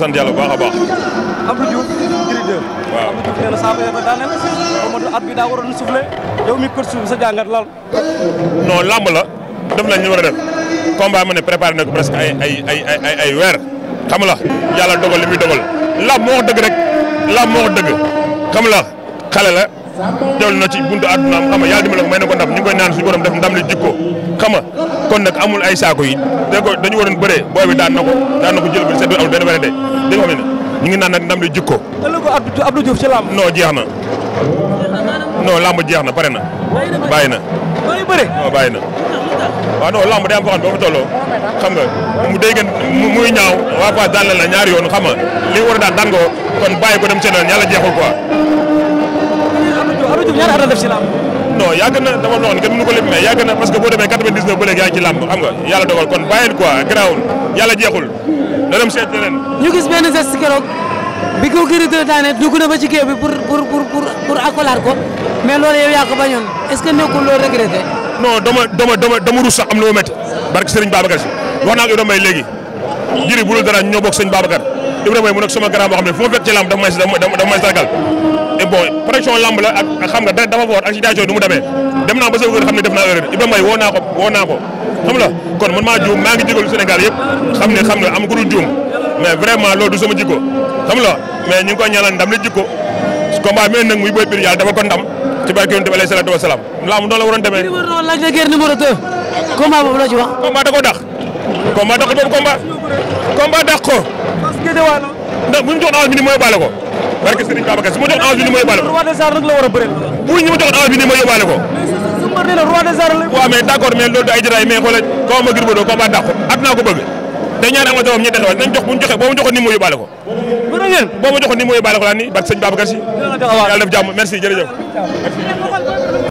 sant yàlla bu baax a baax. Abdou Diouf Gris 2. waaw Abdou Diouf nee na saa ba yëngu daanaka xaw at bi daa waroon soufflé yow mi a ne préparé na ko presque ay weer xam la yàlla dogal li muy dogal làmb moo dëgg rek làmb moo dëgg xam la xale la. dellu na ci buntu àdduna am xam nga yàlla dimbali ko may na ko ndam ñu ngi koy naan suñu borom def ndam li jikko xam nga kon nag amul ay saako yi dégg ko dañu waroon bëree booy bi daan na ko daan na ko jël bi seetlu amul benn benn de di nga xam ne ñu ngi naan nag ndam li jikko. ëllëg ko Abdou Diouf ci làmb. non jeex na non làmb jeex na pare na bàyyi na. bàyyi bëre non bàyyi na. waaw non làmb day am foo xam ne boo fa tolloo xam nga mu dégg muy ñaaw waa Fass daan la ñaari yoon xam nga li war a daan daan ko kon bàyyi ko dem seen yoon yàlla jeexul quoi war na def si làmb non yàgg na dama noon kenn mënu ko lim mais yàgg na parce que boo demee 99 ba léegi yaa ngi ci làmb xam nga yàlla dogal kon bàyyil quoi garaawul yàlla jeexul danam seet leneen ñu gis benn geste keroog bi ko Gris 2 daane dugg na ba ci géew bi pour pour pour pour accolar ko mais loolu yow yaa ko bañoon est-ce que nekkul loolu regretté non dama dama dama dama rus sax am na ma métti barke Serigne Babacar si wax naa ko yow damay léegi Gris bu dul dara ñoo bokk Serigne Babacar Ibrahima mooy mu nekk sama grand boo xam ne fu may dafa may bon protection lamb la ak xam dafa fort ak situation du mu demee dem naa ba sa kër xam ne def naa erreur Ibrahima mooy woo naa ko woo naa xam la kon man maa juum maa ngi Sénégal yëpp xam ne xam nga am ku juum mais vraiment loolu du sama jikko xam la mais ñu ko ndam ci wa salaam lamb noonu la waroon demee. numéro 1 Lac de Guiers numéro 2. combat boobu la ci wax. da koo dàq. combat combat dàq ko. parce bu ñu joxoon avance bi bi nii mooy yóbbaale ko. roi des arts nag la war a bu ñu ma joxoon avance bi nii mooy yóbbaale ko. mais su su mbër loolu du ay jëraay mais xoolal kaw ma Gris Bordeaux combat dàq ko at naa ko bëgg. te ñaari amateurs am ñuy taxawal nañ jox bu boo ma joxoon nii mooy yóbbaale ko. boo ma joxoon nii mooy yóbbaale ko laa nii barke Serigne Babacar si. yàlla def jàmm merci jërëjëf